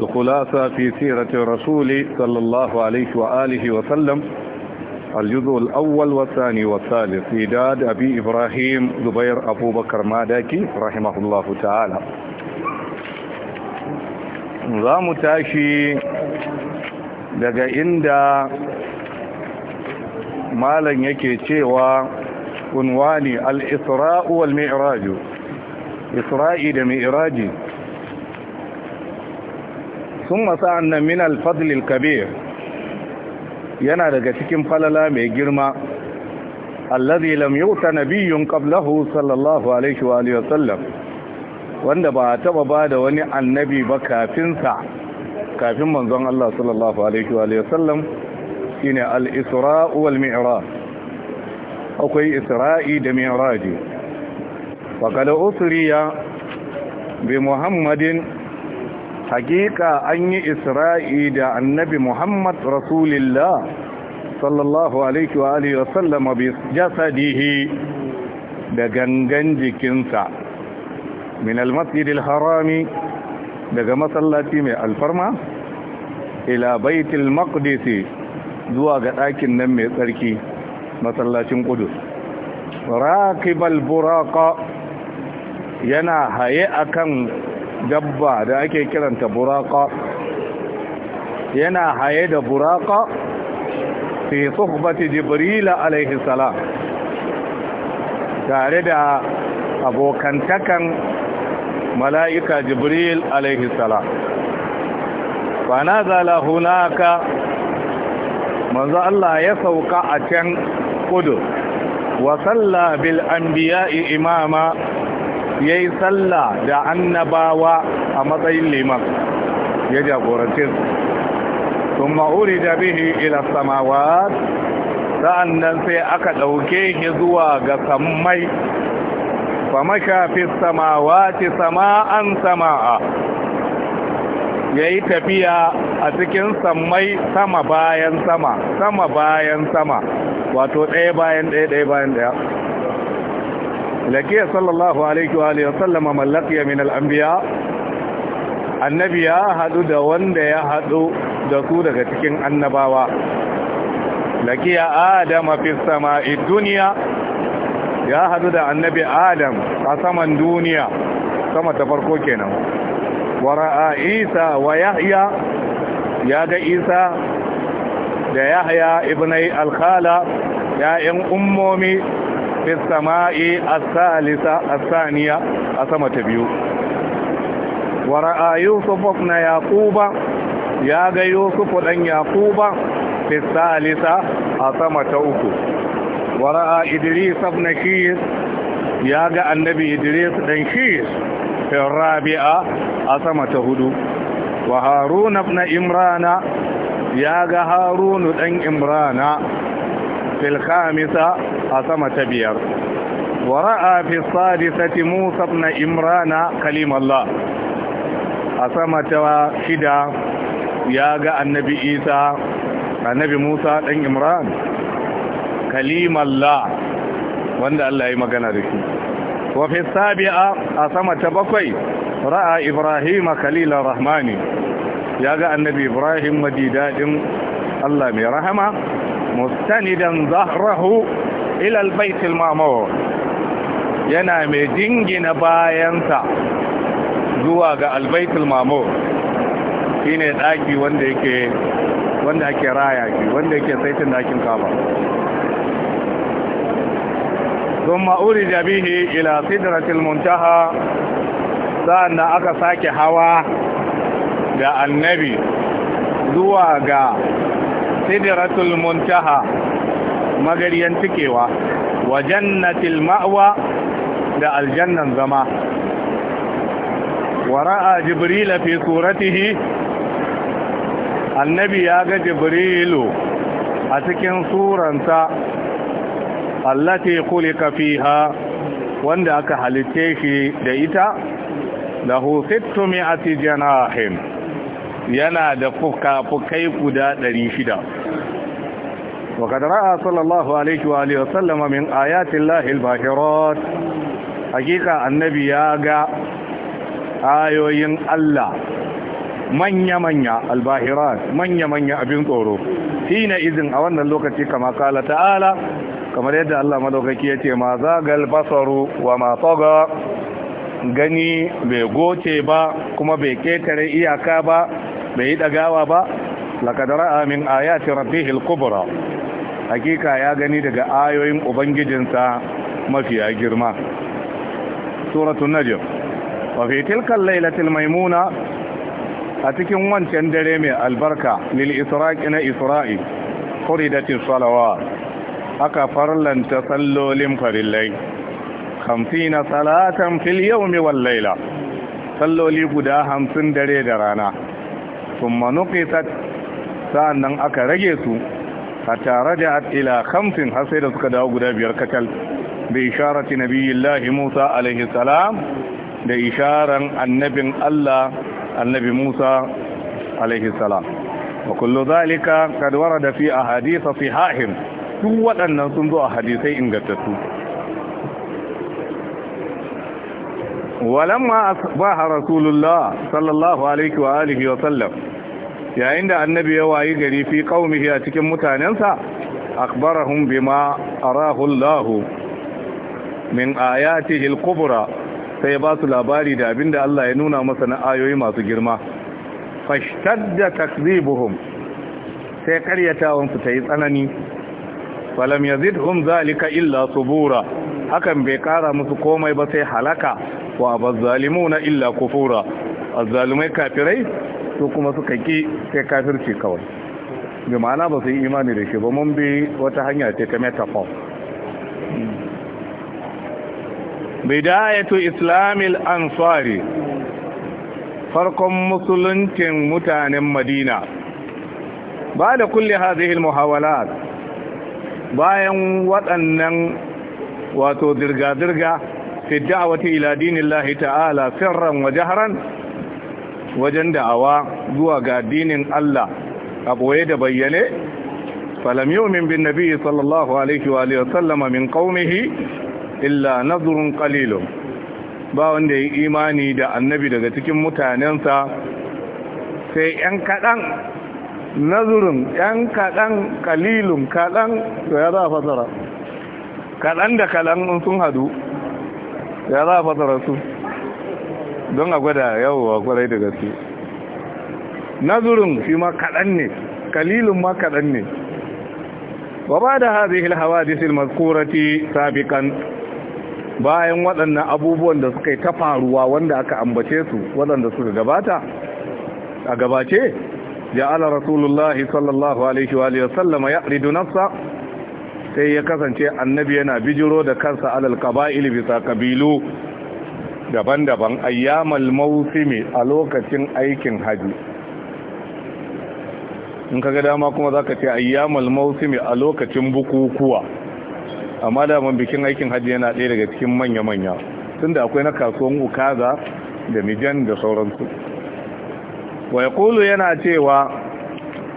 الخلاصة في سيرة الرسول صلى الله عليه وآله وسلم الجزء الأول والثاني والثالث إداد أبي إبراهيم زبير أبو بكر ماداكي رحمه الله تعالى نظام تاشي daga inda malam yake cewa unwani al-isra'u wal mi'raj isra'i da mi'raji sun masa annan min alfadlil kabir yana daga cikin falala mai girma allazi lam yuta nabiyyun qablahu sallallahu alaihi wa alihi wasallam wanda ba taba bada wani annabi ba kafin sa kafin manzon Allah sallallahu alaihi wa alihi wasallam shine al-isra wal mi'raj akwai isra'i da mi'raji wa qala usriya bi muhammadin hakika an yi isra'i da annabi muhammad rasulillah sallallahu alaihi wa alihi wasallama jasadihi da gangan jikinsa min almasjidil harami daga masallaci mai alfarma ila baitul maqdis zuwa ga ɗakin nan mai tsarki masallacin Kudu. raqibal buraqa yana haye akan dabba da ake kiranta buraka yana haye da buraka fi suhbati jibril alaihi salam tare da abokantakan mala'ika jibril alaihi salam fa nazala hunaka manzo Allah ya sauka a can kudu wa salla bil anbiya'i imama ya yi sallah da annabawa a matsayin liman ya jagoranci su sun ma'uri da bihi ila samawa sa'an nan sai aka ɗauke shi zuwa ga sammai makafi samawa samawati sama'an sama'a ya yi tafiya a cikin sammai sama bayan sama sama bayan sama wato ɗaya bayan ɗaya ɗaya bayan ɗaya lakiya sallallahu alaihi wa sallama mallakiya min al'ambiya annabi ya haɗu da wanda ya haɗu da su daga cikin annabawa lakiya adama fi sama'i ya haɗu da annabi adam a saman duniya sama ta farko kenan wara'a isa wa yahya ya ga isa da yahya ibnai alkhala ya'yan ummomi fi sama'i as-salisa as-saniya a sama ta biyu wa ra'a yusuf na Yakuba ya ga Yusufu dan Yakuba fi salisa a sama ta uku wa ra'a idris ibn shis ya ga annabi idris dan shis fi rabi'a a sama ta hudu wa harun ibn imrana ya ga harunu dan imrana في الخامسة أسمة بير ورأى في السادسة موسى بن إمران كلم الله أسمة شدة ياغا النبي إيسى النبي موسى بن إمران كلم الله وأن الله يمكن ذلك وفي السابعة أسمة بقي رأى إبراهيم خليل الرحمن ياغا النبي إبراهيم مديدات الله من رحمه mustanidan zahrahu ila albayt almamur yana mai jingina bayansa zuwa ga albaitul mamur ne daki wanda yake wanda ake raya ki, wanda yake saitin dakin kaba thumma urija bihi ila sidratil muntaha sanna aka sake hawa da annabi zuwa ga sidratul muntaha magariyan cikewa wa jannatil ma'wa da aljannan zama wa ra'a jibril fi suratihi annabi ya ga jibrilu a cikin suranta allati khuliqa fiha wanda aka halitte shi da ita lahu sittu mi'ati janahin yana da fuka-fukai guda 600 وقد رأى صلى الله عليه وآله وسلم من آيات الله الباهرات حقيقة النبي ياغا آيوين الله من يمن الباهرات من يمن أبين طورو حين إذن أولنا اللوكة كما قال تعالى كما يدى الله مدوككية ما زاق البصر وما طغى gani bai goce ba kuma bai ketare iyaka ba bai yi dagawa ba lakadara min ayati rabbihil kubra hakika ya gani daga ayoyin ubangijinsa mafiya girma suratul najm mafi tilkan tilkal lailatul maimuna a cikin wancan dare mai albarka lil isra'i na isra'i quridatis salawa aka farlanta sallolin farillai na salatan fil yaumi wal laila salloli guda hamsin dare da rana thumma sa'an nan aka rage su hatta raja'at ila khamsin har sai da suka dawo guda biyar kacal bi isharati nabiyillahi Musa alaihi salam da isharan annabin Allah annabi Musa alaihi salam wa kullu zalika kad warada fi ahadith sahihim duk waɗannan sun zo a hadisai ingantattu walamma asbaha rasulullah sallallahu alaihi wa alihi wa sallam yayin da annabi ya wayi gari fi kaumihi a cikin mutanensa akhbarahum bima arahu Allah min ayatihi al-kubra sai ba su labari da abinda Allah ya nuna masa na ayoyi masu girma fashtadda takzibuhum sai karyatawan su tayi tsanani falam yazidhum zalika illa subura hakan bai kara musu komai ba sai halaka wa na illa kufura azzalumai kafirai su kuma suka ki sai kafirci kawai bi ma'ana ba su yi imani da shi ba mun bi wata hanya ce ta metaphor bidayatu islamil ansari farkon musuluncin mutanen madina ba da kulle hazihil muhawalat bayan waɗannan wato zirga-zirga fi da'awati ila dinillahi ta'ala sirran wa wajen da'awa zuwa ga dinin Allah a boye da bayyane falam min bin nabiy sallallahu alaihi wa alihi wasallam min qaumihi illa nazrun qalilun ba wanda yi imani da annabi daga cikin mutanensa sai yan kaɗan nazrun yan kaɗan qalilun kaɗan, to ya za fasara kaɗan da kaɗan sun hadu ya za fasara su don a gwada a kwarai da gaske nazurin shi ma kaɗan ne kalilin ma kaɗan ne wa ba da hazihil hawadisil mazkurati kan. bayan waɗannan abubuwan da suka yi ta faruwa wanda aka ambace su waɗanda suka gabata a gabace ya ala rasulullahi sallallahu alaihi wa sallama ridu nafsa sai ya kasance annabi yana bijiro da kansa alal qaba'il bisa ƙabilu. daban-daban ayyamal mausimi a lokacin aikin haji in ka ga dama kuma za ka ce ayyamal mausimi a lokacin bukukuwa amma daman bikin aikin haji yana ɗaya daga cikin manya-manya tun da akwai na kasuwan ukaza da mijan da sauransu wai kulu yana cewa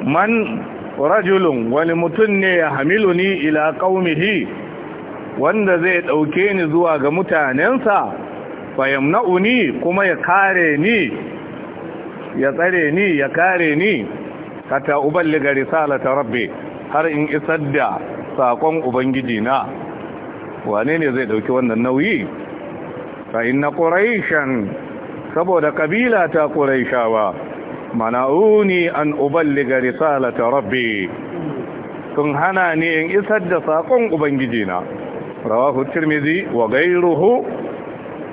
man rajulun wani mutum ne ya hamilu ni ila ƙaumihi wanda zai ɗauke ni zuwa ga mutanensa Fayam na'uni kuma ya kare ni ya tsare ni ya kare ni kata uballiga risalata rabbi har in isar da sakon ubangiji na wane ne zai dauki wannan nauyi fa inna quraishan saboda kabila ta quraishawa mana'uni an uballiga risalata rabbi sun hana ni in isar da sakon ubangiji na rawahu tirmidhi wa ghayruhu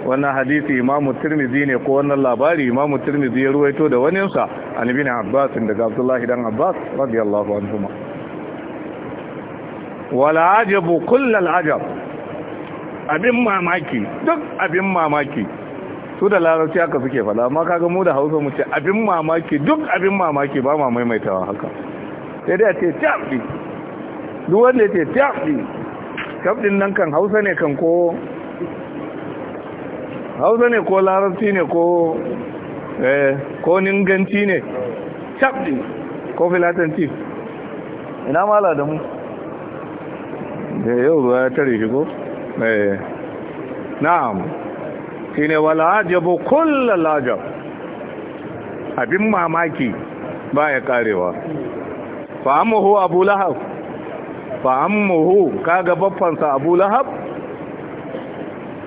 wannan hadisi imamu Turmizi ne ko wannan labari imamu Turmizi ya ruwaito da waninsa an ibn abbas daga abdullahi dan abbas radiyallahu anhuma wala ajabu kullal ajab abin mamaki duk abin mamaki su da larabci haka suke fada amma kaga mu da hausa mu ce abin mamaki duk abin mamaki ba ma maimaitawa haka sai dai a ce tafi duk wanda ya ce tafi tafi nan kan hausa ne kan ko hausa ne ko larabci ne ko eh ko ninganci ne chapdi ko filatanci ina mala da mu da eh, yau ruwa ya tare shi ko eh na'am shine wala ajabu kullal ajab abin mamaki ya karewa fa ammuhu abu lahab fa ammuhu kaga baffansa abu lahab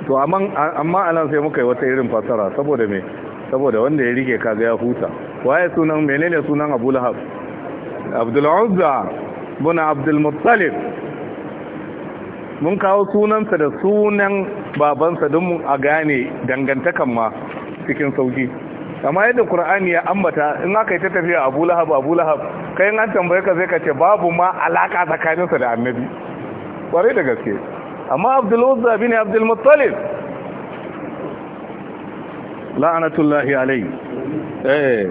to amma anan sai muka yi wata irin fasara saboda me saboda wanda ya rike kaga ya huta waye sunan menene sunan Abu Lahab Abdul Uzza bin Abdul Muttalib mun kawo sunansa da sunan babansa don mu a gane dangantakan ma cikin sauki amma yadda Qur'ani ya ambata in aka yi ta tafiya Abu Lahab Abu Lahab kai an tambaye ka sai ka ce babu ma alaka tsakaninsa da Annabi kware da gaske amma abdul uzza ne abdul la'anatullahi alayhi eh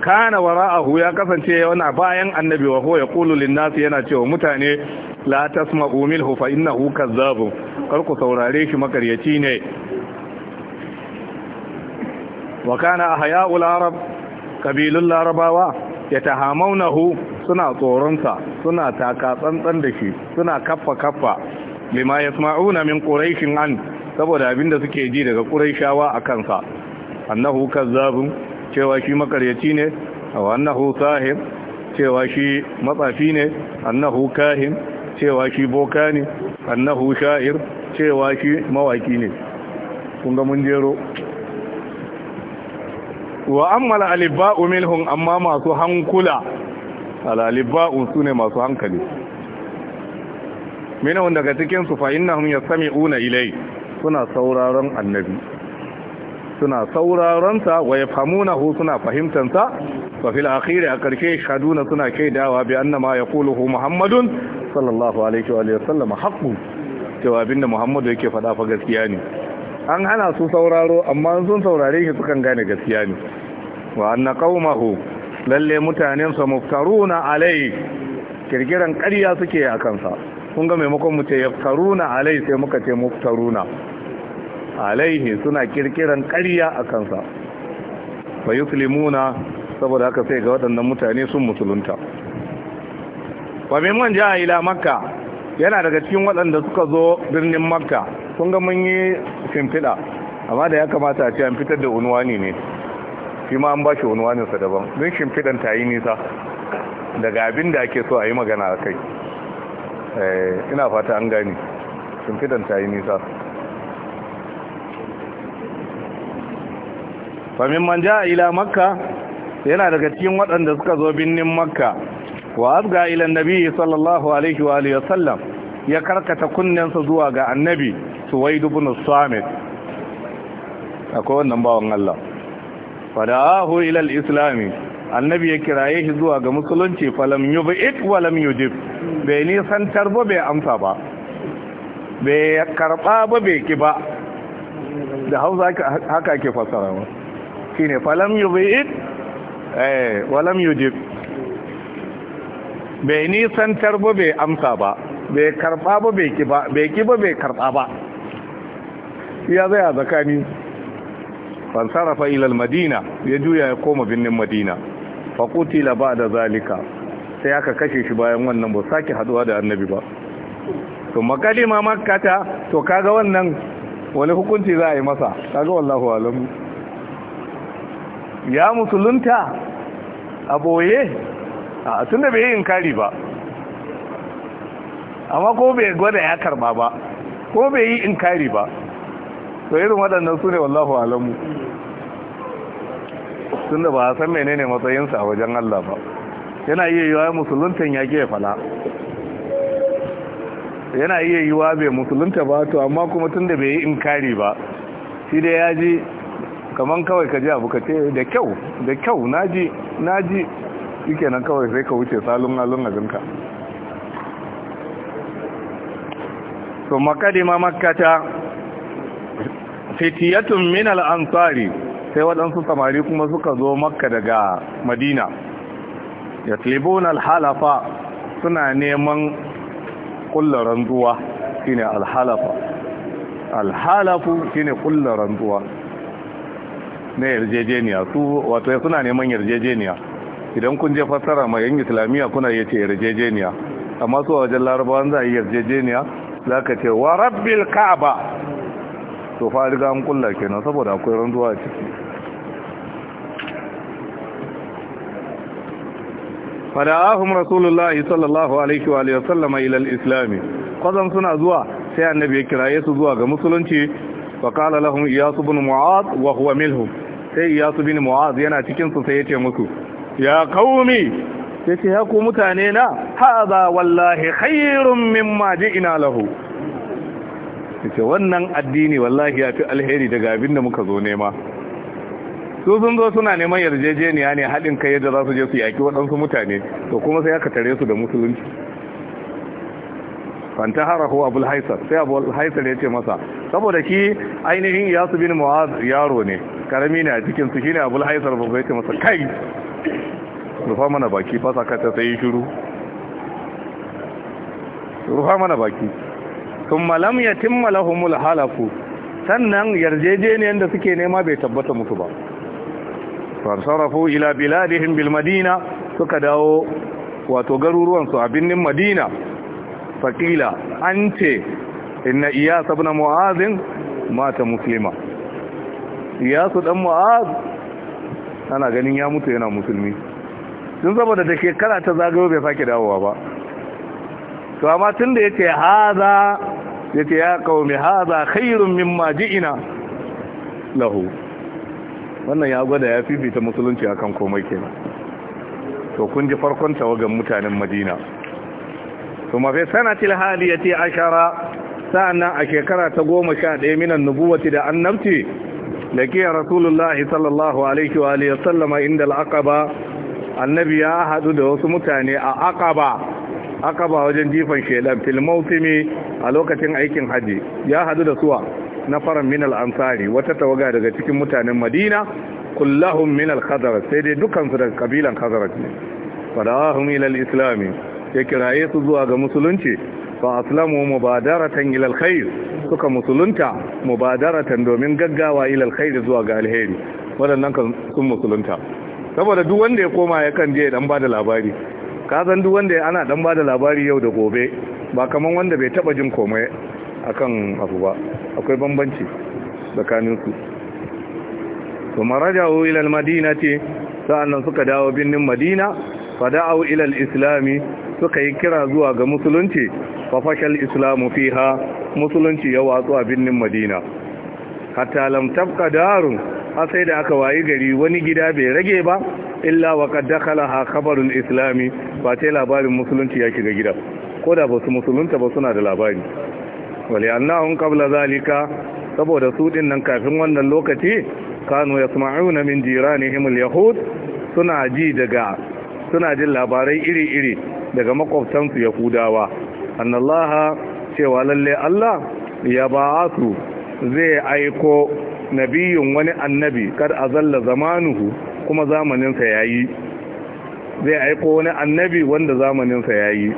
kana wara'ahu ya kasance wani bayan annabi wa huwa yaqulu lin yana cewa mutane la tasma'u minhu fa innahu kazzabun kar saurare shi makaryaci ne wa kana ahya'ul arab kabilul larabawa yatahamawnahu suna tsoronsa suna taka tsantsan da shi suna kaffa kaffa bima yasma'una min quraishin an saboda abinda suke ji daga quraishawa a kansa. annahu kazzabun cewa shi makaryaci ne A wannahu sahir cewa shi matsafi ne annahu kahin cewa shi boka ne annahu sha'ir cewa shi mawaki ne kun ga mun jero wa ammal alibba'u minhum amma masu hankula al alibba'u sune masu hankali minahun daga cikin su ya sami una ilai suna sauraron annabi suna sauraron sa wa yafhamunahu suna fahimtansa. sa fil a karshe shaduna suna kaidawa bi ya yaquluhu muhammadun sallallahu alaihi wa cewa abinda muhammadu yake faɗa fa gaskiya ne an hana su sauraro amma sun saurare shi sukan gane gaskiya ne wa anna qaumahu lalle mutanensa muftaruna alai kirkiran ƙarya suke a kansa kun ga maimakon mu ce yaftaruna alai sai muka ce muftaruna alaihi suna kirkiran ƙarya a kansa fa yuslimuna saboda haka sai ga waɗannan mutane sun musulunta wa ji a ila makka yana daga cikin waɗanda suka zo birnin makka kun ga mun yi shimfiɗa amma da ya kamata a ce an fitar da unwani ne shi ma an ba shi unwaninsa daban don shimfiɗan ta yi nisa daga abin da ake so a yi magana a kai Eh, ina fata an gani shimfidan ta yi nisa famin manja ila makka yana daga cikin waɗanda suka zo binnin makka wa azga ila nabi sallallahu alaihi wa alihi wasallam ya karkata kunnensa zuwa ga annabi suwaid ibn samit akwai wannan bawan Allah fada'ahu ila al Islami annabi ya kiraye shi zuwa ga musulunci falam yub'it wa lam yujib bai nisantar ba bai amsa ba bai karba ba bai ki ba da hausa haka ke fasara ba shi ne falam yi bai it walam yi jib bai nisantar ba bai amsa ba bai karba ba bai ki ba bai ki ba bai karba ba ya zai a zakani fansarafa ilal madina ya juya ya koma binnin madina faƙutila ba da zalika sai aka kashe shi bayan wannan ba sake haduwa da annabi ba to ma makkata to kaga wannan wani hukunci za a yi masa kaga wallahu alam ya musulunta a boye a tunda bai yi kari ba amma ko bai gwada ya karba ba ko bai yi inkari ba to irin waɗannan su ne wallahu alamu tunda ba a san menene matsayinsa a wajen Allah ba yana iya yiwa musuluntan ya ke fala yana iya yiwa bai musulunta ba to amma kuma tun da bai yi inkari ba shi da ya ji kaman kawai ka ji abu ka ce da kyau da kyau naji naji shike nan kawai sai ka wuce salon alon azinka to ma makkata fitiyatun min al-ansari sai waɗansu samari kuma suka zo makka daga madina yatlibuna alhalafa suna neman zuwa shi shine alhalafa alhalafu shine kullaren zuwa na yarjejeniya su wato suna neman yarjejeniya idan kun je fassara mai yan islamiyya kuna iya ce yarjejeniya amma su wajen larabawan za a yi yarjejeniya za ka ce wa rabbil ka'aba to fa riga an kulla kenan saboda akwai rantsuwa a ciki fada'ahum rasulullahi sallallahu alaihi wa alihi wasallama ila al-islam kwazan suna zuwa sai annabi ya kiraye su zuwa ga musulunci wa qala lahum iyas ibn mu'adh wa huwa milhum sai iyas ibn mu'adh yana cikin su sai yace musu ya qaumi ya ya ku mutane na hadha wallahi khairun mimma ji'na lahu ce wannan addini wallahi ya fi alheri daga abinda muka zo nema su sun zo suna neman yarjejeniya ne haɗin kai yadda za su je su yaki waɗansu mutane to kuma sai aka tare su da musulunci fanta ko abul haisar sai abul haisar ya ce masa saboda ki ainihin su bin mawaz yaro ne karami ne a cikin su shine abul haisar ba zai ce masa kai rufa mana baki fasa kata sai yi shiru rufa mana baki sun malam ya timma lahumul halafu sannan yarjejeniyar da suke nema bai tabbata musu ba fansarafu ila biladihim bil madina suka dawo wato garuruwan su a birnin madina fakila an ce inna iyas ibn mu'azin mata muslima iyasu dan mu'az ana ganin ya mutu yana musulmi tun saboda da shekara ta zagayo bai sake dawowa ba to amma tun da yace haza yace ya qaumi haza khairun mimma ji'ina lahu wannan ya gwada ya fi fita musulunci akan komai kenan to kun ji farkon tawagan mutanen madina kuma fi sanatil ce ashara sa'annan a shekara ta goma sha ɗaya minan nubuwati da annabci da ke rasulullah sallallahu alaihi wa alihi sallama inda al'aqaba annabi ya hadu da wasu mutane a aqaba aqaba wajen jifan shelan fil a lokacin aikin haji ya hadu da suwa Na min minal ansari wata tawaga daga cikin mutanen Madina kullahum min al sai dai dukansu daga kabilan khazraj ne fadahum ila islami ya kiraye su zuwa ga musulunci fa aslamu mubadaratan ila al-khair suka musulunta mubadaratan domin gaggawa ilal khair zuwa ga alheri wadannan kan sun musulunta saboda duk wanda ya koma ya kan je dan bada labari ka san duk wanda ana dan bada labari yau da gobe ba kaman wanda bai taba jin komai akan abu ba akwai bambanci tsakaninsu su raja'u ilal madina ce sa'annan suka dawo birnin madina da'u ilal islami suka yi kira zuwa ga musulunci fa fashal islamu fiha musulunci ya watsu a birnin madina hatta lam tabqa darun sai da aka wayi gari wani gida bai rage ba illa wa qad dakhalaha khabarul islami ba sai labarin musulunci ya shiga gida ko da ba su musulunta ba suna da labari wali annahun kabla zalika saboda su din nan kafin wannan lokaci kanu ya na min jiranihim yahud suna ji daga suna jin labarai iri-iri daga makwabtansu yahudawa annallaha cewa lalle Allah ya ba'atu zai aiko nabiyun wani annabi kar azalla zamanuhu kuma zamaninsa yayi zai aiko wani annabi wanda zamaninsa yayi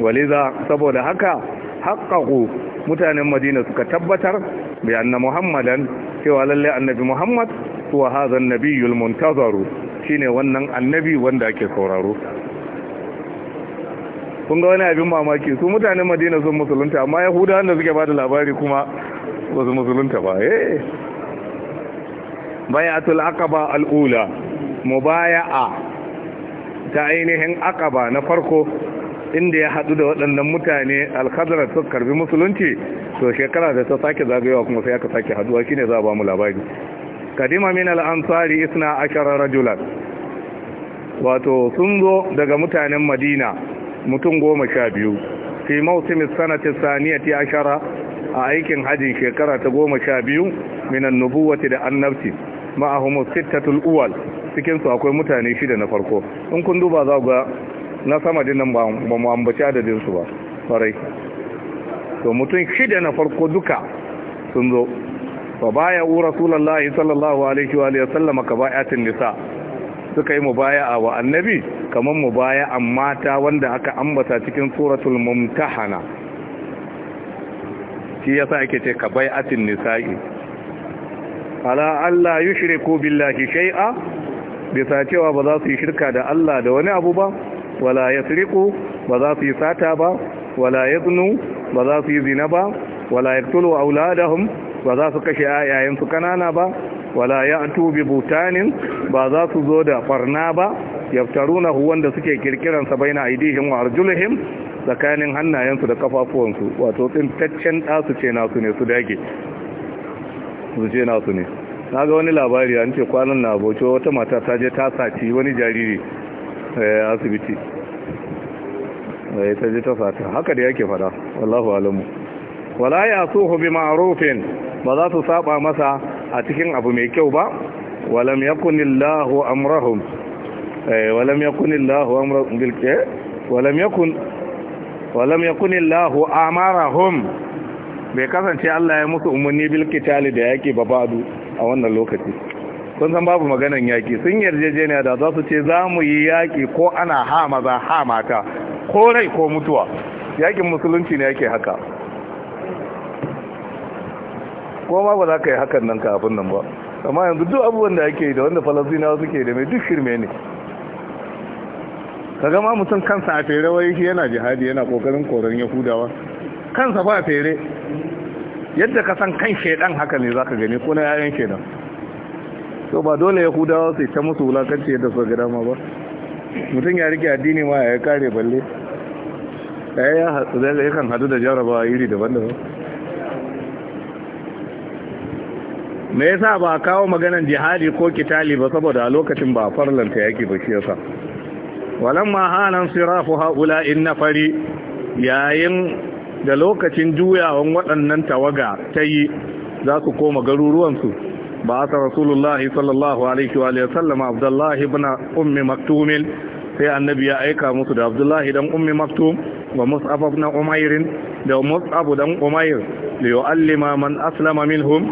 waliza saboda haka haqqaqu mutanen madina suka tabbatar bi anna muhammadan cewa lalle annabi muhammad huwa hadha an-nabiyyul muntazaru shine wannan annabi wanda ake sauraro kun ga wani abin mamaki su mutanen madina sun musulunta amma yahudawa da suke bada labari kuma ba su musulunta ba eh bayatul aqaba al-ula mubaya'a ta ainihin aqaba na farko inda ya haɗu da waɗannan mutane alkhazara ta karbi musulunci to shekara da ta sake zagayewa kuma sai aka sake haɗuwa shine za a ba mu labari kadima min al-ansari isna ashara rajulan wato sun zo daga mutanen madina mutum goma sha biyu fi mausimi sanatin saniyati ashara a aikin hajji shekara ta goma sha biyu minan nubuwati da annabci ma'ahumu sittatul uwal cikinsu akwai mutane shida na farko in kun duba za ga na sama nan ba mu ambaci adadinsu ba farai to mutum shida na farko duka sun zo Ba baya u rasulullahi sallallahu alaihi wa sallama ka bayatin nisa suka yi mu baya mubaya'a wa annabi kamar mubaya'an mata wanda aka ambata cikin suratul mumtahana shi ya sa ake ce ka bayatin nisa'i ala Allah yushriku billahi shay'a bisa cewa ba za su yi shirka da Allah da wani abu ba wala yasriqu ba za su yi sata ba wala yaznu ba za su yi zina ba wala yaqtulu auladahum ba za su kashe ayayen su kanana ba wala ya'tu tubi butanin ba za su zo da farna ba huwan wanda suke kirkiran sa na aidihin wa arjulihim tsakanin hannayensu da kafafuwansu wato tsintaccen ɗasu ce nasu ne su dage su ce nasu ne na ga wani labari an ce kwanan na abokin wata mata ta je ta saci wani jariri asibiti bai eh, ta ji ta sata haka da yake fada wallahu alamu wala ya suhu bi ma'arufin ba za su saba masa a cikin abu mai kyau ba walam yakunillahu amrahum ولم يكن الله امر بالك ولم walam ya kuni lahu امرهم bai kasance Allah ya musu umarni tali da yake babadu a wannan lokaci kun san babu maganan yaki sun yarjejeniya da za su ce za mu yi yaki ko ana ha maza ha mata ko rai ko mutuwa yakin musulunci ne yake haka ko ma ba za ka yi hakan nan kafin nan ba amma yanzu duk abubuwan da ake da wanda falasinawa suke da mai duk shirme ne Ka gama mutum kansa a fere wai shi yana jihadi yana kokarin koran yahudawa kansa ba fere yadda ka san kan shaidan haka ne zaka gani ko na yayan shedan so ba dole yahudawa su ta musu wulakanci yadda su gada ma ba mutum ya rike addini ma ya kare balle ɗaya ya hatsu zai kan hadu da jarabawa iri daban-daban me yasa ba kawo maganan jihadi ko kitali ba saboda a lokacin ba farlanta yaki ba shi yasa ma hanan sirafu haula in nafari yayin da lokacin juyawan waɗannan tawaga ta yi za su koma garuruwansu بعث رسول الله صلى الله عليه وآله وسلم عبد الله بن أم مكتوم في النبي أيكا مصد عبد الله دم أم مكتوم ومصعب بن أمير دو مصعب دم أمير ليعلم من أسلم منهم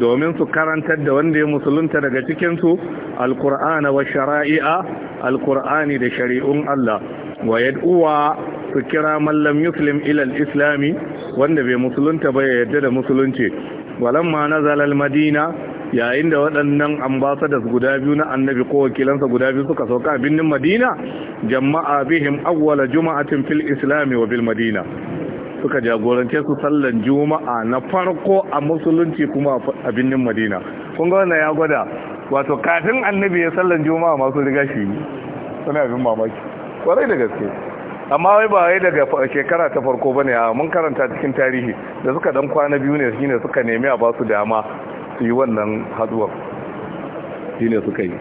domin su karantar da wanda ya musulunta daga cikinsu alkur'ana wa shara'i'a alkur'ani da shari'un Allah wa yad'uwa su kira mallam muslim ilal islami wanda bai musulunta ba ya yadda da musulunci walamma nazala al-madina yayin da waɗannan ambassadors guda biyu na annabi ko wakilansa guda biyu suka sauka a madina jama'a bihim awwala juma'atin fil islami wa bil madina suka jagorance su sallan juma'a na farko a musulunci kuma a binnin madina kun ga wannan ya gwada wato kafin annabi ya sallan juma'a masu riga shi suna abin mamaki kwarai da gaske amma wai ba wai daga shekara ta farko bane a mun karanta cikin tarihi da suka dan kwana biyu ne shine suka nemi a basu dama su yi wannan haduwa shi ne suka yi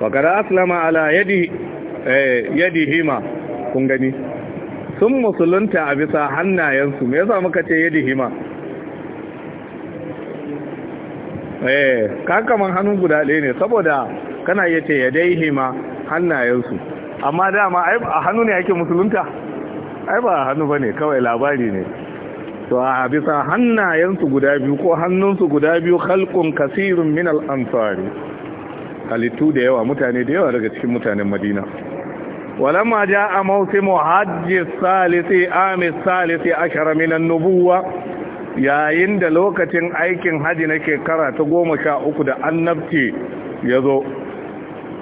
wakada aslama ala eh, yadi hima kun gani sun musulunta a bisa hannayensu me yasa muka ce yadi hima eh, kakaman hannun guda ɗaya ne saboda kana iya ce yadai hima hannayensu amma dama a hannu ne ake musulunta ai ba hannu ba ne kawai labari ne to a bisa hannayensu guda biyu ko hannunsu guda biyu halkun kasirun min al'amfari halittu da yawa mutane da yawa daga cikin mutanen madina walamma ja a mausimu hajji salisi amis salisi ashara minan nubuwa yayin da lokacin aikin haji na kara ta goma sha uku da annabci ya zo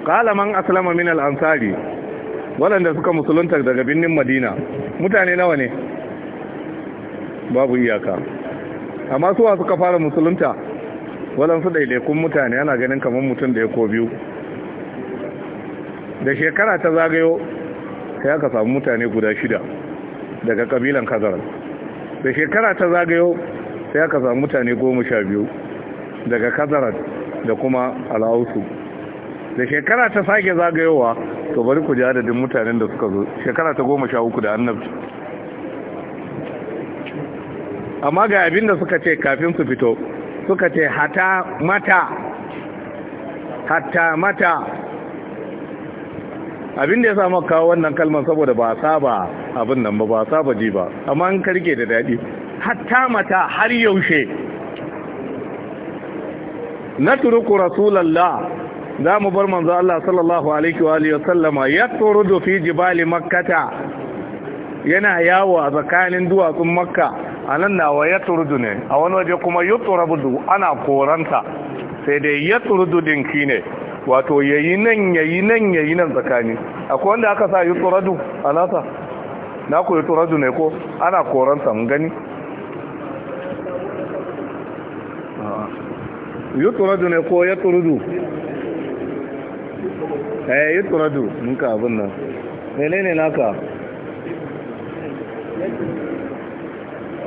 kalaman aslama min al'ansari waɗanda suka musulunta daga birnin madina mutane nawa ne babu iyaka amma suwa suka fara musulunta waɗansu ɗaiɗaikun mutane ana ganin kamar mutum da ya ko biyu da shekara ta zagayo sai aka samu mutane guda shida daga kabilan kazarar da shekara ta zagayo sai aka samu mutane goma sha biyu daga kazarar da kuma al'ausu da shekara ta sake zagayowa to bari ku ji adadin mutanen da suka zo shekara ta goma sha uku da annabci amma ga abin da suka ce kafin su fito suka ce hata mata hata mata abin da ya samu kawo wannan kalmar saboda ba saba abin nan ba ba saba ji ba amma an karge da daɗi hata mata har yaushe na turuku rasulallah za mu bar manzo Allah sallallahu alaihi wa alihi wasallama ya turudu fi jibali makkata yana yawo a tsakanin duwatsun makka a nan na wa ya turudu ne a wani waje kuma ya turabudu ana koranta sai dai ya turdu dinki ne wato yayi nan yayi nan yayi nan tsakani akwai wanda aka sa ya turadu a nasa na ku ya turadu ne ko ana koranta mun gani ya turadu ne ko ya turudu eh ya turadu mun ka abin nan ne naka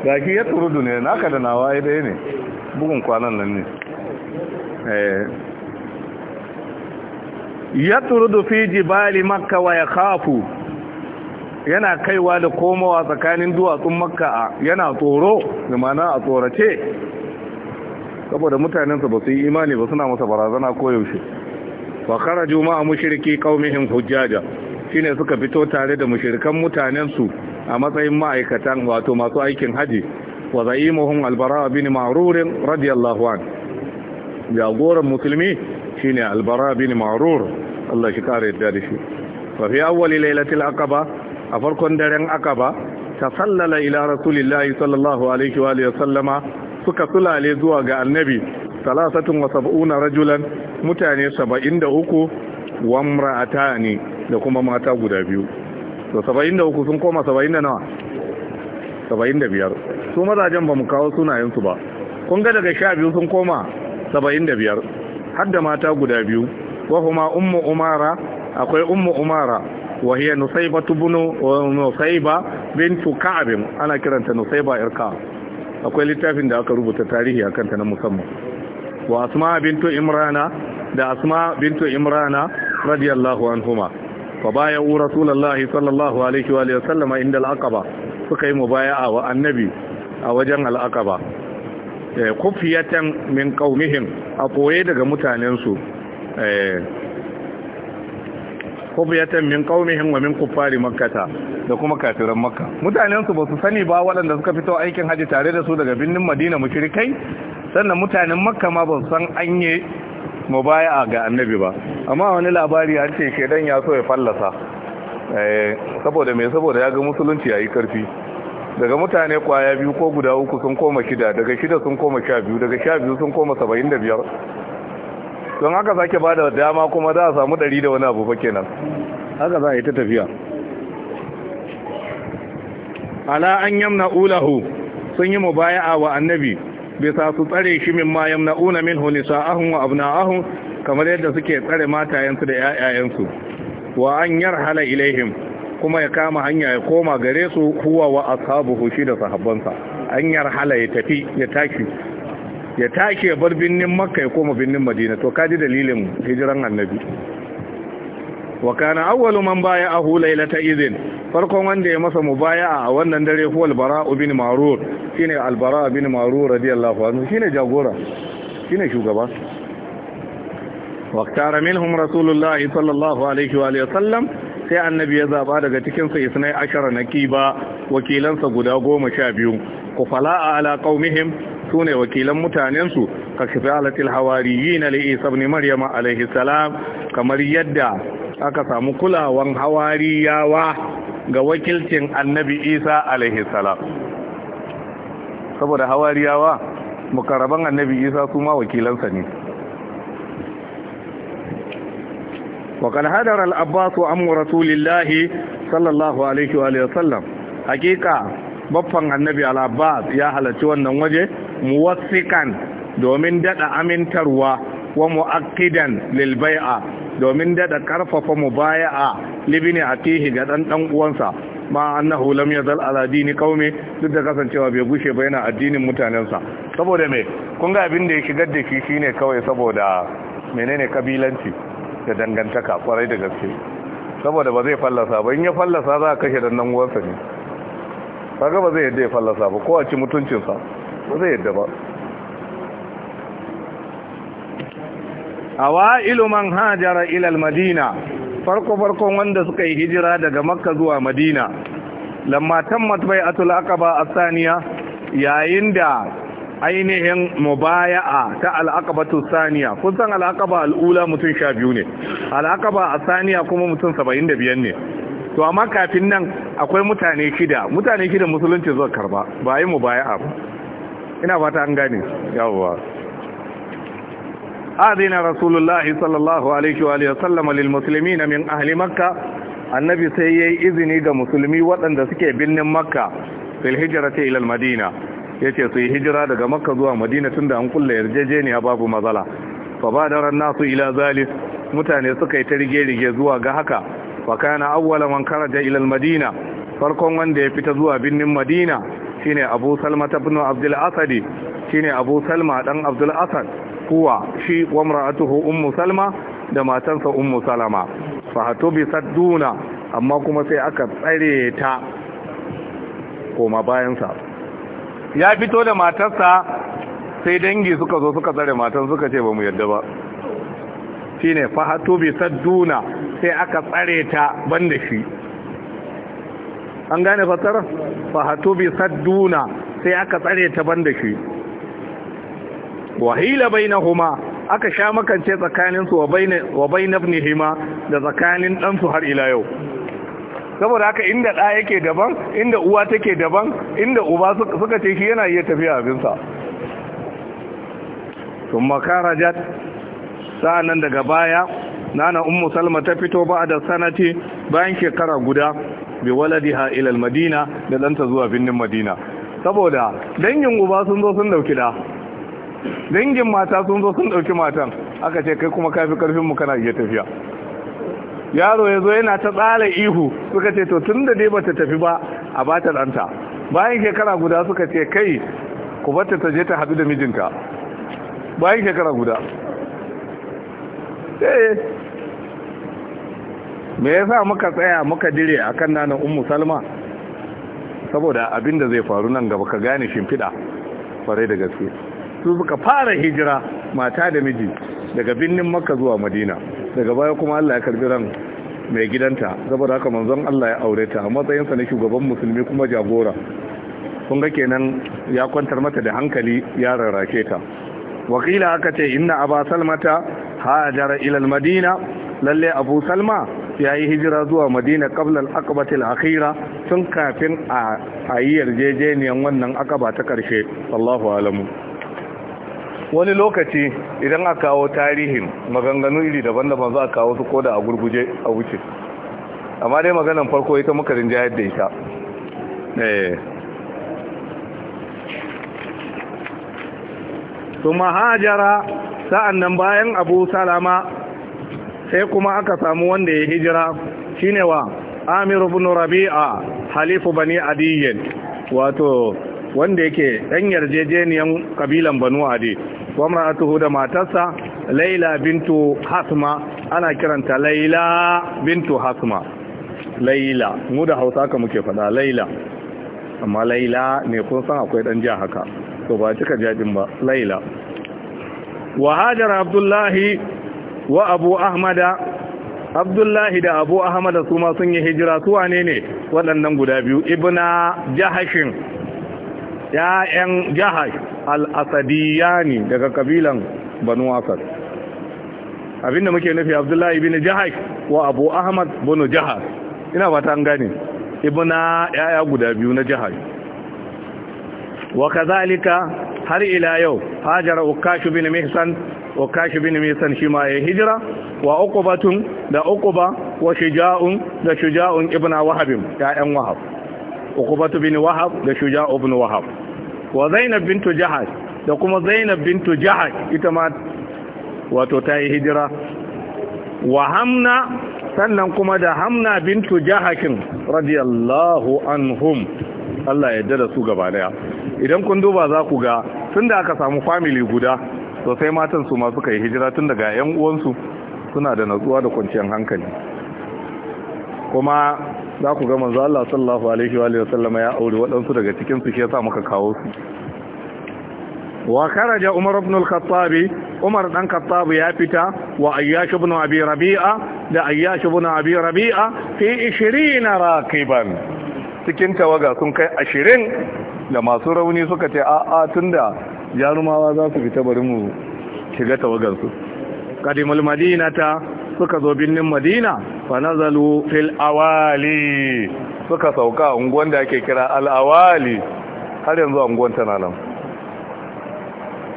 da ake ya turudu ne naka da nawa ɗaya ne bugun kwanan nan ne eh. ya turudu fi bali makka wa ya kafu yana kaiwa da komowa tsakanin duwatsun makka yana tsoro mana a tsorace saboda mutanensa ba su yi imani ba suna masa barazana koyaushe wa juma'a juma'a mushriki qaumihim hujjaja shine suka fito tare da mushrikan mutanensu a matsayin ma'aikatan wato masu aikin haji wa za'imuhum albara bin marurin radiyallahu an jagoran musulmi shine albara bin ma'rur Allah shi kare yadda da shi fa fi awwal lailatul aqaba a farkon daren aqaba tasallala ila rasulillahi sallallahu alaihi wa sallama suka sulale zuwa ga annabi salasatun wa sab'una rajulan mutane 73 wa imra'atani da kuma mata guda biyu to 73 sun koma 70 nawa 75 su mazajen ba mu kawo suna sunayensu ba kun ga daga 12 sun koma 75 har da mata guda biyu wa kuma ummu umara akwai ummu umara wa hiya nusayba tubnu wa nusayba bintu ka'ab ana kiranta nusayba irka akwai littafin da aka rubuta tarihi a kanta na musamman wa asma bintu imrana da asma bintu imrana radiyallahu anhumah fa bayan u sallallahu alaihi wa sallama inda al'aqaba suka yi mubaya'a wa annabi a wajen al'aqaba kufiyatan min kaumihin a koye daga mutanensu kufiyatan min qaumihim wa min kuffari makkata da kuma kafiran makka mutanensu ba su sani ba waɗanda suka fito aikin haji tare da su daga binnin madina mushrikai sannan mutanen makka ma ba su san an yi mubaya'a ga annabi ba amma wani labari an ce shedan ya so ya fallasa eh, saboda mai saboda ya ga musulunci yayi karfi daga mutane kwaya biyu ko guda uku sun koma shida daga shida sun koma sha biyu daga sha biyu sun koma saba'in da biyar don haka sake ba da dama kuma za a samu ɗari da wani abu fa kenan haka za a yi ta tafiya ala an yamna ulahu sun yi mubaya'a wa annabi bisa su tsare shi min ma yamna'una minhu nisa'ahum wa abna'ahum kamar yadda suke tsare matayensu da ƴaƴayensu wa an yarhala ilaihim kuma ya kama hanya ya koma gare su huwa wa ashabuhu shi da sahabbansa an yarhala ya tafi ya tashi ya tashi ya bar binnin makka ya koma binnin madina to kaji dalilin hijiran annabi wa kana awwalu man baya'ahu ta idhin farkon wanda ya masa mubaya'a a wannan dare huwa albara bin marur shine albara bin marur radiyallahu anhu shine jagora shine shugaba waqtara minhum rasulullahi sallallahu alaihi wa alihi wasallam sai annabi ya zaba daga cikin sa isnai ashara nakiba wakilansa guda 12 kufala ala qaumihim sune wakilan mutanen su ka kifalatil hawariyina li isa ibn maryama alaihi salam kamar yadda aka samu kulawan hawariyawa ga wakilcin annabi isa alaihi salam saboda hawariyawa mukarraban annabi isa suma ma wakilansa ne wakil hadar al'abbasu amura tulillahi sallallahu alaihi wa sallam hakika babban annabi al'abbas ya halarci wannan waje mu muwassikan domin daɗa amintarwa wa mu'aqqidan lil bai'a domin da karfafa mubaya'a libni atihi ga dan dan uwansa ma annahu lam yazal ala dini qaumi duk da kasancewa bai gushe ba yana addinin mutanensa saboda me kun ga abin da ya shigar da shi shine kawai saboda menene kabilanci da dangantaka kwarai da gaske saboda ba zai fallasa ba in ya fallasa za a kashe dan uwansa ne kaga ba zai yadda ya fallasa ba ko a ci mutuncinsa ba zai yadda ba awailu man hajara ila almadina madina farko wanda suka yi hijira daga makka zuwa madina lamma tammat bai'atul aqaba athaniya saniya yayin da ainihin mubaya'a ta al-aqabatu saniya kun san al-aqaba al-ula mutun ne al-aqaba saniya kuma mutun 75 ne to amma kafin nan akwai mutane kida mutane kida musulunci zuwa karba ba yi mubaya'a ba ina fata an gane yawwa أذن رسول الله صلى min عليه وآله وسلم للمسلمين من أهل مكة النبي سيئي إذني كمسلمي وطن دسكي بن مكة في الهجرة إلى المدينة yace su yi hijira daga makka zuwa madina tun da an kulle yarjejeniya babu matsala fa badara nasu ila zalis mutane suka yi ta rige-rige zuwa ga haka fa kana awwala man karaja ila madina farkon wanda ya fita zuwa binnin madina shine abu salma ibn abdul asadi shine abu salma dan abdul asad kuwa shi wa mar'atuhu ummu salma da matansa ummu salama fa bi sadduna amma kuma sai aka tsare ta koma bayansa ya fito da matarsa sai dangi suka zo suka tsare matan suka ce ba mu yadda ba shine fa bi sadduna sai aka tsare ta banda shi an gane fatar fa bi sadduna sai aka tsare ta banda shi wahila huma aka sha makance tsakaninsu wa bain ibnihima da tsakanin dansu har ila yau saboda haka inda ɗa yake daban inda uwa take daban inda uba suka ce shi yana iya tafiya abin sa thumma karajat sa'annan daga baya nana ummu salma ta fito ba da sanati bayan shekara guda bi waladi ila al-madina da danta zuwa birnin madina saboda dangin uba sun zo sun ɗauki da dangin mata sun zo sun ɗauki matan aka ce kai kuma kafi karfin mu kana iya tafiya yaro ya zo yana ta tsara ihu suka ce to tun da dai bata tafi ba a bata danta bayan shekara guda suka ce kai ku bata ta je ta haɗu da mijinka, bayan shekara guda eh me yasa muka tsaya muka dire akan nanan ummu salma saboda abin da zai faru nan gaba ka gane shimfiɗa kwarai da gaske su suka fara hijira mata da miji daga binnin makka zuwa madina daga baya kuma allah ya karbi ran mai gidanta saboda haka manzon allah ya aure ta a matsayinsa na shugaban musulmi kuma jagora kun ga kenan ya kwantar mata da hankali ya rarrake ta wakila aka ce inna aba salmata hajara ilal madina lalle abu salma ya yi hijira zuwa madina kablal akabatil akhira tun kafin a yi yarjejeniyar wannan akaba ta karshe allahu alamu wani lokaci idan a kawo tarihin maganganu iri daban-daban za a kawo su koda a gurguje a wuce amma dai maganan farko ita muka rinjayar da ita kuma eh. mahajara sa'an nan bayan abu salama sai kuma aka samu wanda ya hijira shine wa amir ibn rabi'a halifu bani adiyyen, wato wanda yake ɗan yarjejeniyan kabilan banu adi wa mar'atuhu da matarsa laila bintu hasma ana kiranta laila bintu hasma laila mu da hausa ka muke fada laila amma laila ne kun san akwai dan ja haka to ba cika jajin ba laila wa hajara abdullahi wa abu ahmada abdullahi da abu ahmada su ma sun yi hijira su wane ne waɗannan guda biyu ibna jahashin ya'yan jahash al ne daga kabilan banu asad abinda muke nufi abdullahi bin jihar wa abu ahmad bin jihar ina fata gani, gane yaya guda biyu na jihar. wa kazalika har ila yau hajara ukash bin mihsan ukash bin mihsan shi ma ya hijira wa Ukubatu da Ukuba wa shuja'un da shuja'un ibna wahab ya'yan wahab Ukubatu bin wahab da shuja'u ibn wahab wa zainab bintu jahaj da kuma zainab bintu jahaj ita ma wato ta yi hijira wa hamna sannan kuma da hamna bintu jahakin radiyallahu anhum Allah ya da su gaba daya idan kun duba za ku ga tun da aka samu family guda to sai matan su ma suka yi hijira tun daga yan uwansu suna da natsuwa da kwanciyar hankali kuma za ku ga manzo Allah sallallahu alaihi wa sallama ya auri waɗansu daga cikin su shi yasa muka kawo su wa kharaja Umar ibn al-Khattab Umar dan Khattab ya fita wa Ayyash ibn Abi Rabi'a da Ayyash ibn Abi Rabi'a fi 20 raqiban cikin tawaga sun kai 20 da masu rauni suka ce a a tunda jarumawa za su fita bari mu shiga tawagar su qadimul madinata suka zo birnin madina fa nazalu fil awali suka sauka unguwan da ake kira al'awali har yanzu a unguwan tana nan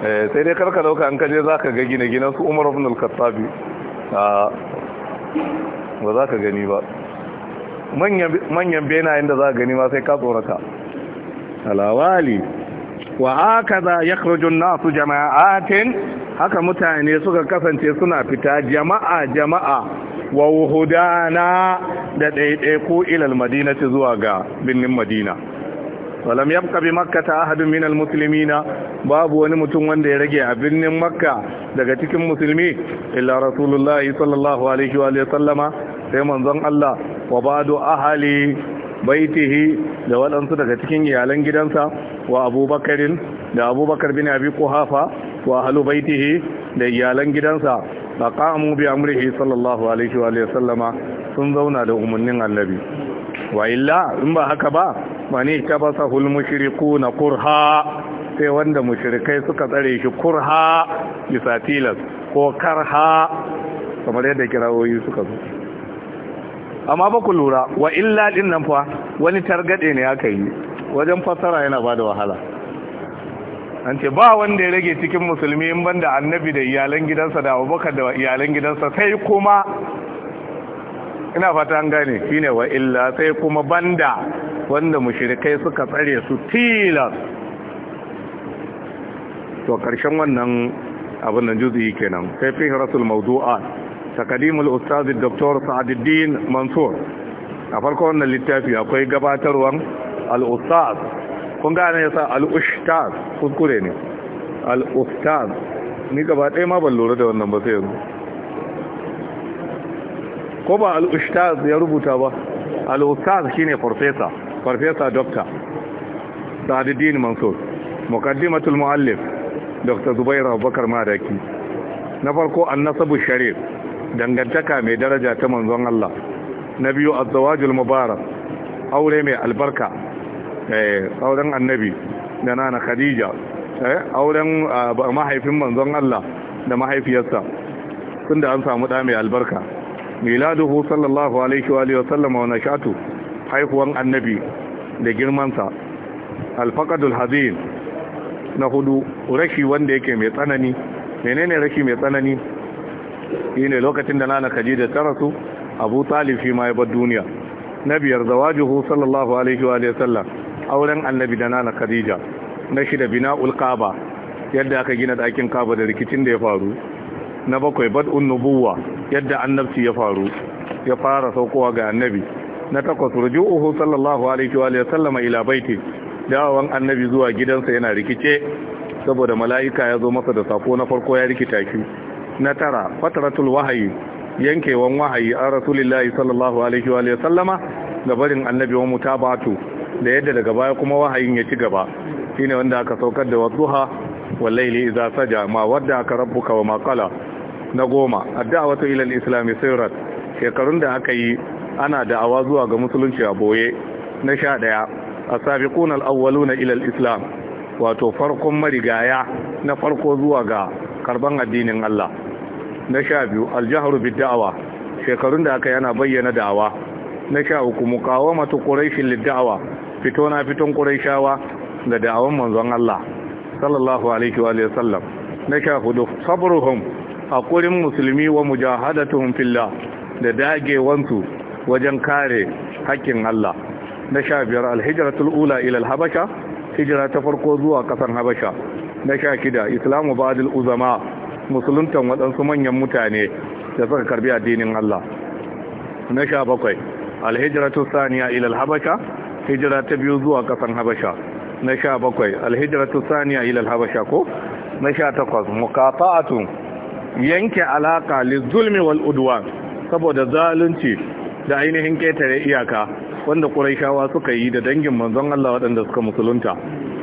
eh, sai dai karka dauka an kaje za ka ga gine-ginen su umar ibn al-kattabi ah, ba za ka gani ba manyan benayen da za ka gani ma sai ka tsorata al'awali wa akaza yakhruju an-nasu jama'atin haka mutane suka kasance suna fita jama'a jama'a wa wuhudana da ɗaiɗaiku ilal madinati zuwa ga binnin madina walam yabqa bi makkata ahadun min almuslimina babu wani mutum wanda ya rage a birnin makka daga cikin musulmi illa rasulullahi sallallahu alaihi wa sallama sai manzon Allah wa ba'du ahli baitihi da waɗansu daga cikin iyalan gidansa wa abubakarin da abubakar bin abi kuhafa wa halu baitihi da iyalan gidansa da ƙa'amu bi amrihi sallallahu alaihi wa sallama sun zauna da umarnin allabi. wa illa in ba haka ba mani ta basa hul mushriku na kurha sai wanda mushrikai suka tsare shi kurha bisa tilas ko karha kamar yadda kirawoyi suka zo amma ba ku lura wa illa din nan fa wani targade ne aka yi wajen fasara yana bada wahala an ce ba wanda ya rage cikin musulmi in banda annabi da iyalan gidansa da abubakar da iyalan gidansa sai kuma ina fata an gane shine wa illa sai kuma banda wanda mushrikai suka tsare su tilas to karshen wannan abin nan juzuyi kenan sai fi rasul mawdu'at تقديم الأستاذ الدكتور سعد الدين منصور أفرقوا أن للتافي أقوي قباتر وان الأستاذ كنت أنا يسا الأشتاذ أذكريني الأستاذ ni gaba ɗaya ma ban lura da wannan ba sai yanzu ko ba al'ustaz ya rubuta ba al'ustaz ne farfesa farfesa dokta sa'aduddin mansur muqaddimatul muallif dr Zubairu abubakar madaki na farko nasabu sharif dangantaka mai daraja ta manzon Allah na biyu azwajul mubarak aure mai albarka eh auren annabi da nana khadija eh auren ah, mahaifin manzon Allah da mahaifiyarsa tunda an samu da mai albarka miladuhu sallallahu alaihi wa alihi wa sallama wa nashatu haihuwan annabi da girmansa alfaqadul hazin na hudu rashi wanda yake mai tsanani menene rashi mai tsanani shine lokacin da nana khadija ta rasu abu talib shi ma ya bar duniya na biyar zawajuhu sallallahu alaihi wa sallam auren annabi da nana khadija na shida bina'ul kaaba yadda aka gina dakin Kaaba da rikicin da ya faru na bakwai bad'un nubuwa yadda annabci ya faru ya fara saukowa ga annabi na takwas rujuhu sallallahu alaihi wa sallama ila baiti dawon annabi zuwa gidansa yana rikice saboda mala'ika ya zo masa da sako na farko ya rikita shi na tara fataratul wahayi yankewan wahayi a rasulillahi sallallahu alaihi wa sallama gabarin annabi wa mutabatu da yadda daga baya kuma wahayin ya ci gaba shine wanda aka saukar da wadduha wal layli idza saja ma wadda aka rabbuka wa ma qala na goma a ila al-islam sirrat shekarun da aka yi ana da'awa zuwa ga musulunci a boye na sha daya a sabiqun awwalu awwaluna ila islam wato farkon marigaya na farko zuwa ga karban addinin Allah na sha biyu aljahru bid da'awa shekarun da aka yana bayyana da'awa na sha uku muqawamatu quraish lid da'awa fito na fiton quraishawa da da'awan manzon Allah sallallahu alaihi wa sallam na sha hudu sabruhum hakurin musulmi wa mujahadatuhum fillah da dagewansu wajen kare hakkin Allah na sha biyar alhijratul ula ila alhabasha hijira ta farko zuwa ƙasar habasha na sha kida islamu ba'dil uzama musuluntan waɗansu manyan mutane da suka karbi addinin Allah na sha bakwai alhijratu saniya ila habasha, hijira ta biyu zuwa ƙasan habasha na sha bakwai alhijratu saniya ila habasha, ko na sha takwas mukafa'atu, yanke alaka zulmi wal udwan saboda zalunci da ainihin ƙetare iyaka wanda ƙuraishawa suka yi da dangin manzon Allah waɗanda suka musulunta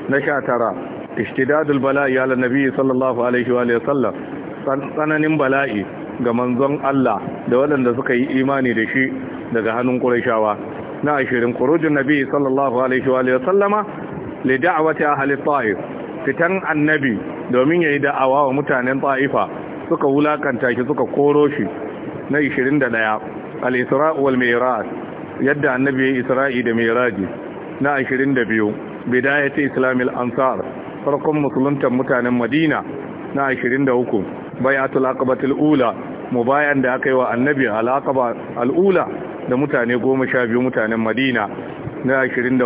na sha tara ishtidadul bala'i ala nabi sallallahu alaihi wa sallam tsananin bala'i ga manzon Allah da waɗanda suka yi imani da shi daga hannun Qurayshawa na ashirin kurujin nabi sallallahu alaihi wa sallama li da'wati ahli ta'if fitan annabi domin yayi da'awa wa mutanen ta'ifa suka wulakanta shi suka koro shi na 21 al-isra wal mi'raj yadda annabi ya isra'i da miraji na 22 bidayati islamil ansar farkon musuluntar mutanen madina na 23 atul akabatul ula mu bayan da aka yi wa annabi al'aqaba al'ula da mutane goma sha biyu mutanen madina na 24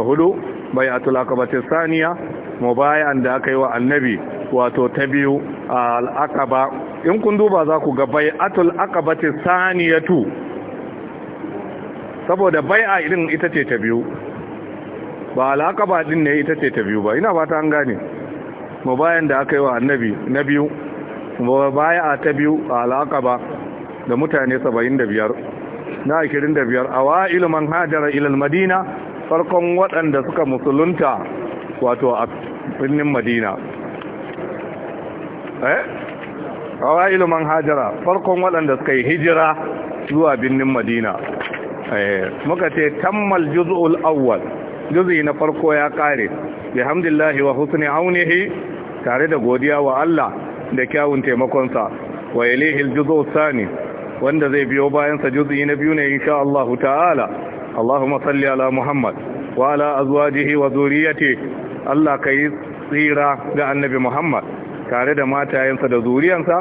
atul akabatul saniya mu bayan da aka yi wa annabi wato ta biyu a al'akaba. in kun duba za ku ga bai akabatul saniya tu. saboda bai a irin ita ce ta biyu ba al'aqaba ɗin ne ita ce ta biyu ba ina ba ta an gane bayan da aka yi wa annabi na biyu ba baya ta biyu a alaƙa ba, da mutane 75 na 25 awailu man hajara ila madina farkon waɗanda suka musulunta wato a birnin madina eh awailu man hajara farkon waɗanda suka yi hijira zuwa birnin madina eh muka ce tammal juz'ul awwal juz'i na farko ya kare bihamdillahi wa husni aunihi tare da godiya wa Allah da kyawun taimakonsa wa ilayhi al sani wanda zai biyo bayan sa juz'i na biyu ne insha Allah ta'ala Allahumma salli ala Muhammad wa ala azwajihi wa zuriyati Allah kai tsira ga annabi Muhammad tare da matayensa da zuriyansa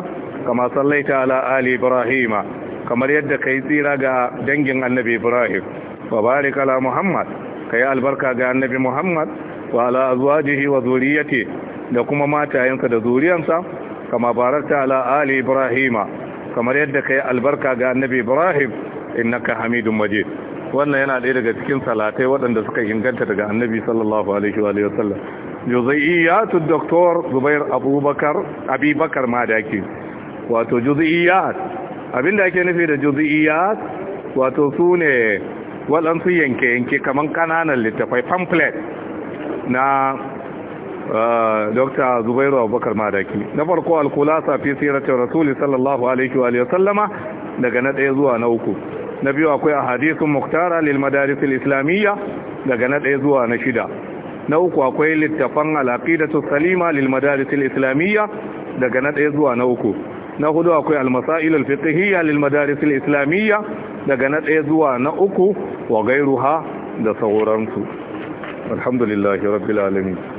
kama sallaita ala ali Ibrahim, kamar yadda kai tsira ga dangin annabi Ibrahim wa barik ala Muhammad kai albarka ga annabi Muhammad wa ala azwajihi wa zuriyati da kuma matayensa da zuriyansa kama barakta ala ali ibrahima kamar yadda kai albarka ga annabi ibrahim innaka hamidun majid wannan yana ɗaya daga cikin salatai waɗanda suka inganta daga annabi sallallahu alaihi wa sallam juz'iyatu doktor zubair abubakar abubakar madaki wato juz'iyat abinda ake nufi da juz'iyat wato sune waɗansu yanke-yanke kamar ƙananan littafai pamphlet na Dokta zubairu abubakar madaki na farko alkulasa fi siratin rasuli sallallahu alaihi wa sallama daga na ɗaya zuwa na uku na biyu akwai ahadithun muktara lil madarisil islamiyya daga na ɗaya zuwa na shida na uku akwai littafan alaqidatu salima lil madarisil islamiyya daga na ɗaya zuwa na uku na hudu akwai almasail alfiqhiyya lil madarisil islamiyya daga na ɗaya zuwa na uku wa gairuha da sauransu alhamdulillahi rabbil alamin